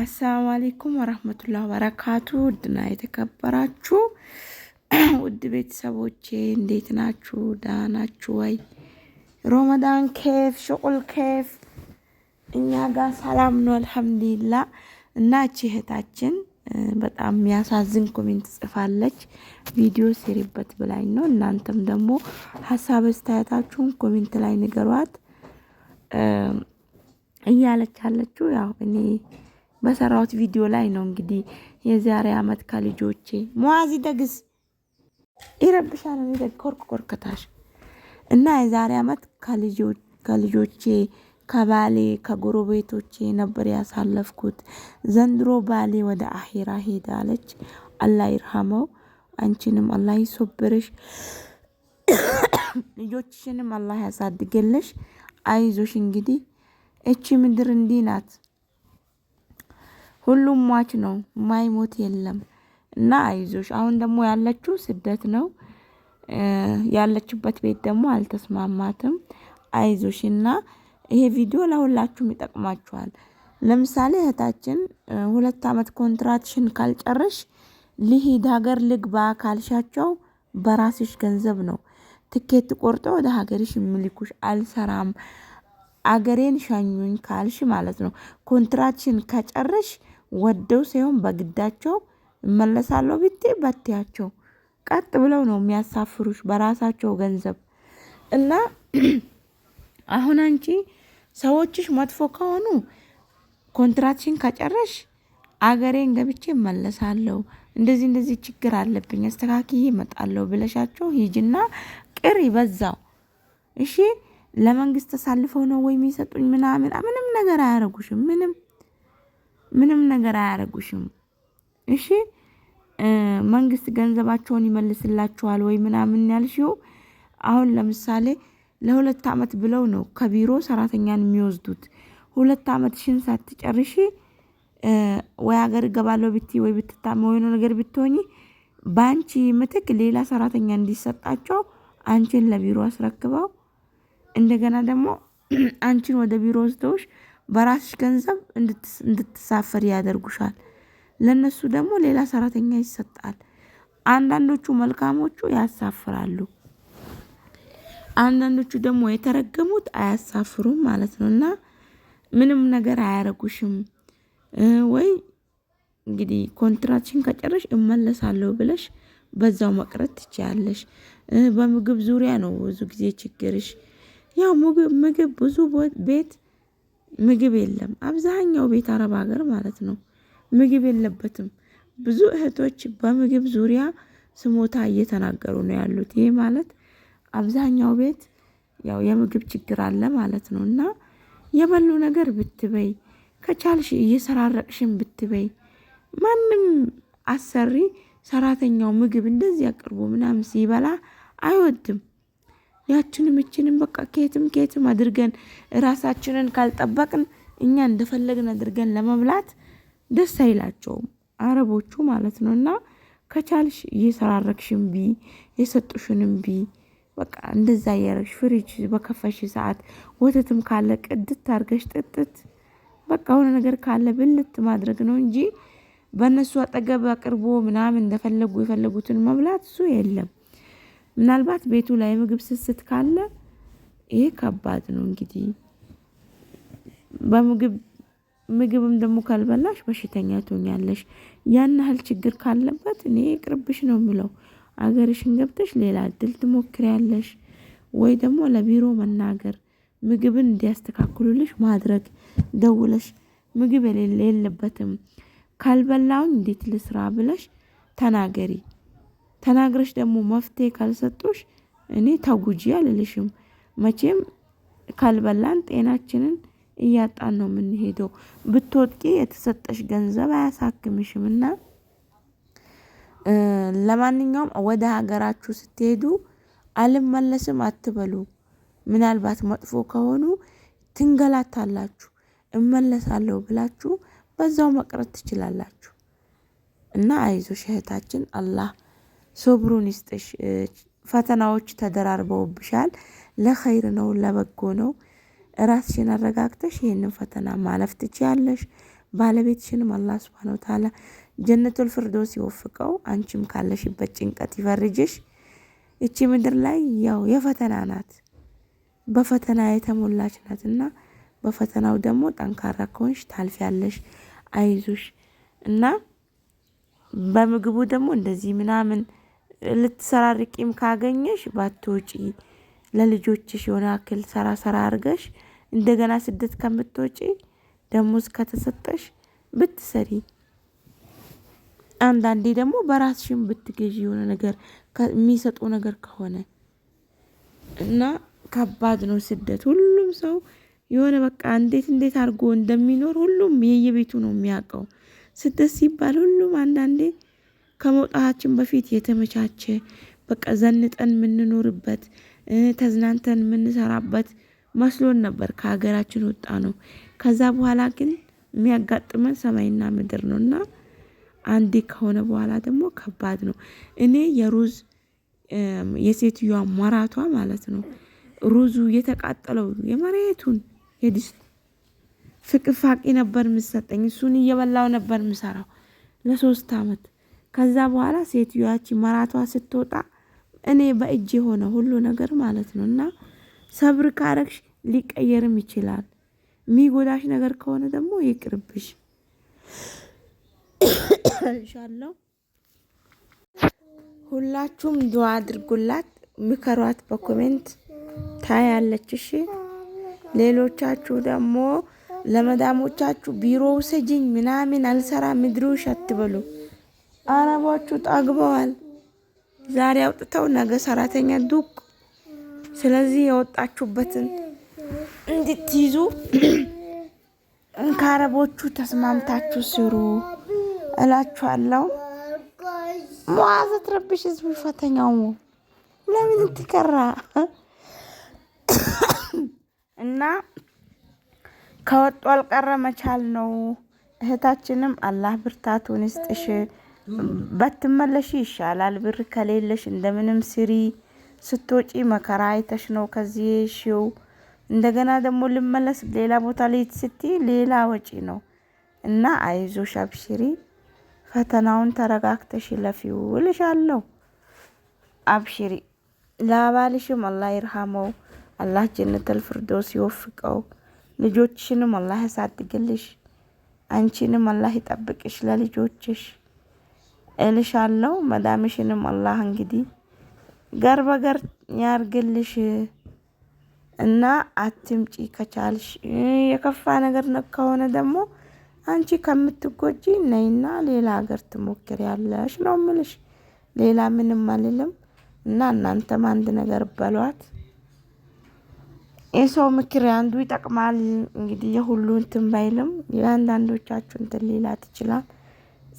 አሰላሙ አሌይኩም ወረህመቱላህ በረካቱ ውድና የተከበራችሁ ውድ ቤተሰቦቼ እንዴት ናችሁ? ደህና ናችሁ ወይ? ሮመዳን ኬፍ ሽቁል ኬፍ እኛ ጋር ሰላም ነው አልሐምዱሊላ። እናች እቺ እህታችን በጣም የሚያሳዝን ኮሜንት ጽፋለች። ቪዲዮ ሴሪበት ብላኝ ነው። እናንተም ደግሞ ሀሳብ አስተያየታችሁን ኮሜንት ላይ ንገሯት እያለች ያለችው ያው እኔ በሰራሁት ቪዲዮ ላይ ነው። እንግዲህ የዛሬ አመት ከልጆቼ ሙዋዚ ደግስ ይረብሻል ነው ኮርክ ኮርከታሽ እና የዛሬ አመት ከልጆቼ ከባሌ ከጎረቤቶቼ ነበር ያሳለፍኩት። ዘንድሮ ባሌ ወደ አሄራ ሄዳለች። አላህ ይርሃመው። አንቺንም አላህ ይሶብርሽ፣ ልጆችሽንም አላ ያሳድግልሽ። አይዞሽ እንግዲህ እቺ ምድር እንዲህ ናት። ሁሉም ሟች ነው፣ ማይሞት የለም። እና አይዞሽ። አሁን ደግሞ ያለችው ስደት ነው። ያለችበት ቤት ደግሞ አልተስማማትም። አይዞሽ እና ይሄ ቪዲዮ ለሁላችሁም ይጠቅማችኋል። ለምሳሌ እህታችን ሁለት አመት ኮንትራትሽን ካልጨረሽ ልሂድ ሀገር ልግባ ካልሻቸው በራስሽ ገንዘብ ነው ትኬት ቆርጦ ወደ ሀገርሽ የሚልኩሽ። አልሰራም አገሬን ሻኙኝ ካልሽ ማለት ነው። ኮንትራትሽን ከጨረሽ ወደው ሳይሆን በግዳቸው እመለሳለሁ ብቴ ባትያቸው ቀጥ ብለው ነው የሚያሳፍሩሽ በራሳቸው ገንዘብ እና አሁን አንቺ ሰዎችሽ መጥፎ ከሆኑ ኮንትራትሽን ከጨረሽ አገሬን ገብቼ እመለሳለሁ፣ እንደዚህ እንደዚህ ችግር አለብኝ አስተካክዬ እመጣለሁ ብለሻቸው ሂጅና ቅር ይበዛው። እሺ ለመንግስት ተሳልፈው ነው ወይ የሚሰጡኝ ምናምን ምንም ነገር አያረጉሽም ምንም ምንም ነገር አያደርጉሽም። እሺ መንግስት ገንዘባቸውን ይመልስላችኋል ወይ ምናምን ያልሽው፣ አሁን ለምሳሌ ለሁለት አመት ብለው ነው ከቢሮ ሰራተኛን የሚወስዱት። ሁለት ሽን ሳትጨርሺ ወይ ሀገር እገባለሁ ብቲ ወይ ብትታመ ወይ ነገር ብትሆኚ በአንቺ ምትክ ሌላ ሰራተኛ እንዲሰጣቸው አንቺን ለቢሮ አስረክበው እንደገና ደግሞ አንቺን ወደ ቢሮ ወስደውሽ በራስሽ ገንዘብ እንድትሳፈር ያደርጉሻል። ለእነሱ ደግሞ ሌላ ሰራተኛ ይሰጣል። አንዳንዶቹ መልካሞቹ ያሳፍራሉ፣ አንዳንዶቹ ደግሞ የተረገሙት አያሳፍሩም ማለት ነው። እና ምንም ነገር አያረጉሽም ወይ እንግዲህ ኮንትራትሽን ከጨረሽ እመለሳለሁ ብለሽ በዛው መቅረት ትችያለሽ። በምግብ ዙሪያ ነው ብዙ ጊዜ ችግርሽ። ያው ምግብ ብዙ ቤት ምግብ የለም። አብዛኛው ቤት አረብ ሀገር ማለት ነው ምግብ የለበትም። ብዙ እህቶች በምግብ ዙሪያ ስሞታ እየተናገሩ ነው ያሉት። ይሄ ማለት አብዛኛው ቤት ያው የምግብ ችግር አለ ማለት ነው። እና የበሉ ነገር ብትበይ ከቻልሽ እየሰራረቅሽን ብትበይ ማንም አሰሪ ሰራተኛው ምግብ እንደዚህ አቅርቦ ምናምን ሲበላ አይወድም። ያችንም እችንም በቃ ኬትም ኬትም አድርገን ራሳችንን ካልጠበቅን እኛ እንደፈለግን አድርገን ለመብላት ደስ አይላቸውም አረቦቹ ማለት ነው። እና ከቻልሽ እየሰራረክሽን ቢ የሰጡሽንም ቢ በቃ እንደዛ እያረግሽ ፍሪጅ በከፈሽ ሰዓት ወተትም ካለ ቅድት አርገሽ ጥጥት በቃ ሆነ ነገር ካለ ብልት ማድረግ ነው እንጂ በእነሱ አጠገብ አቅርቦ ምናምን እንደፈለጉ የፈለጉትን መብላት እሱ የለም። ምናልባት ቤቱ ላይ ምግብ ስስት ካለ ይሄ ከባድ ነው። እንግዲህ በምግብ ምግብም ደግሞ ካልበላሽ በሽተኛ ትሆኛለሽ። ያን ያህል ችግር ካለበት እኔ ቅርብሽ ነው የምለው። አገርሽን ገብተሽ ሌላ እድል ትሞክሪያለሽ ወይ ደግሞ ለቢሮ መናገር ምግብን እንዲያስተካክሉልሽ ማድረግ ደውለሽ ምግብ የሌለበትም ካልበላሁኝ እንዴት ልስራ ብለሽ ተናገሪ ተናግረሽ ደግሞ መፍትሄ ካልሰጡሽ እኔ ተጉጂ አልልሽም። መቼም ካልበላን ጤናችንን እያጣን ነው የምንሄደው። ብትወድቂ የተሰጠሽ ገንዘብ አያሳክምሽም እና ለማንኛውም ወደ ሀገራችሁ ስትሄዱ አልመለስም አትበሉ። ምናልባት መጥፎ ከሆኑ ትንገላታላችሁ። እመለሳለሁ ብላችሁ በዛው መቅረት ትችላላችሁ እና አይዞሽ እህታችን አላህ ሶብሩን ይስጥሽ። ፈተናዎች ተደራርበውብሻል። ለኸይር ነው፣ ለበጎ ነው። ራስሽን አረጋግተሽ ይህንን ፈተና ማለፍ ትችያለሽ። ባለቤትሽንም አላህ ስብሃነ ወተዓላ ጀነቱል ፍርዶስ ይወፍቀው። አንቺም ካለሽበት ጭንቀት ይፈርጅሽ። እቺ ምድር ላይ ያው የፈተና ናት፣ በፈተና የተሞላች ናት እና በፈተናው ደግሞ ጠንካራ ከሆንሽ ታልፊያለሽ። አይዞሽ እና በምግቡ ደግሞ እንደዚህ ምናምን ልትሰራርቂም ካገኘሽ ባትወጪ ለልጆችሽ የሆነ አክል ሰራ ሰራ አድርገሽ እንደገና ስደት ከምትወጪ ደሞዝ ከተሰጠሽ ብትሰሪ አንዳንዴ ደግሞ በራስሽም ብትገዢ የሆነ ነገር የሚሰጡ ነገር ከሆነ እና ከባድ ነው ስደት። ሁሉም ሰው የሆነ በቃ እንዴት እንዴት አድርጎ እንደሚኖር ሁሉም የየቤቱ ነው የሚያውቀው። ስደት ሲባል ሁሉም አንዳንዴ ከመውጣታችን በፊት የተመቻቸ በቃ ዘንጠን የምንኖርበት ተዝናንተን የምንሰራበት መስሎን ነበር ከሀገራችን ወጣ ነው። ከዛ በኋላ ግን የሚያጋጥመን ሰማይና ምድር ነው እና አንዴ ከሆነ በኋላ ደግሞ ከባድ ነው። እኔ የሩዝ የሴትዮዋ መራቷ ማለት ነው ሩዙ የተቃጠለው የመሬቱን የድስት ፍቅፋቂ ነበር የምሰጠኝ። እሱን እየበላው ነበር የምሰራው ለሶስት አመት። ከዛ በኋላ ሴትዮዋች መራቷ ስትወጣ እኔ በእጅ የሆነ ሁሉ ነገር ማለት ነው። እና ሰብር ካረግሽ ሊቀየርም ይችላል። የሚጎዳሽ ነገር ከሆነ ደግሞ ይቅርብሽ። እንሻለው ሁላችሁም ዱዓ አድርጉላት፣ ምከሯት፣ በኮሜንት ታያለች። እሺ ሌሎቻችሁ ደግሞ ለመዳሞቻችሁ ቢሮ ውሰጅኝ ምናምን አልሰራ ምድሩ ሸት በሉ። አረቦቹ ጠግበዋል። ዛሬ አውጥተው ነገ ሰራተኛ ዱቅ። ስለዚህ የወጣችሁበትን እንድትይዙ ከአረቦቹ ተስማምታችሁ ስሩ እላችኋለሁ። ሙዓዝ ትረብሽ ህዝቡ ፈተኛው ለምን ትከራ እና ከወጡ አልቀረ መቻል ነው። እህታችንም አላህ ብርታቱን ይስጥሽ። በትመለሽ ይሻላል። ብር ከሌለሽ እንደምንም ስሪ። ስትወጪ መከራ አይተሽ ነው ከዚህ ሺው እንደገና ደግሞ ልመለስ ሌላ ቦታ ልሂድ ስቲ ሌላ ወጪ ነው እና አይዞሽ፣ አብሽሪ። ፈተናውን ተረጋግተሽ ለፊው እልሻለሁ። አብሽሪ። ለባልሽም አላህ ይርሃመው፣ አላህ ጀነተል ፍርዶስ ይወፍቀው። ልጆችሽንም አላህ ያሳድግልሽ። አንቺንም አላህ ይጠብቅሽ ለልጆችሽ እልሻለሁ። መዳምሽንም አላህ እንግዲህ ገር በገር ያርግልሽ እና አትምጪ ከቻልሽ። የከፋ ነገር ከሆነ ደግሞ አንቺ ከምትጎጂ ነይና ሌላ ሀገር ትሞክር ያለሽ ነው ምልሽ። ሌላ ምንም አልልም። እና እናንተም አንድ ነገር በሏት። የሰው ምክር አንዱ ይጠቅማል። እንግዲህ የሁሉ እንትን ባይልም የአንዳንዶቻችሁ እንትን ሌላት ይችላል።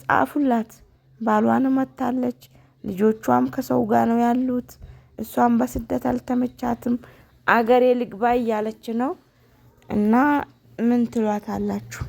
ጻፉላት። ባሏን መታለች። ልጆቿም ከሰው ጋር ነው ያሉት። እሷም በስደት አልተመቻትም። አገሬ ልግባ እያለች ነው እና ምን ትሏት አላችሁ?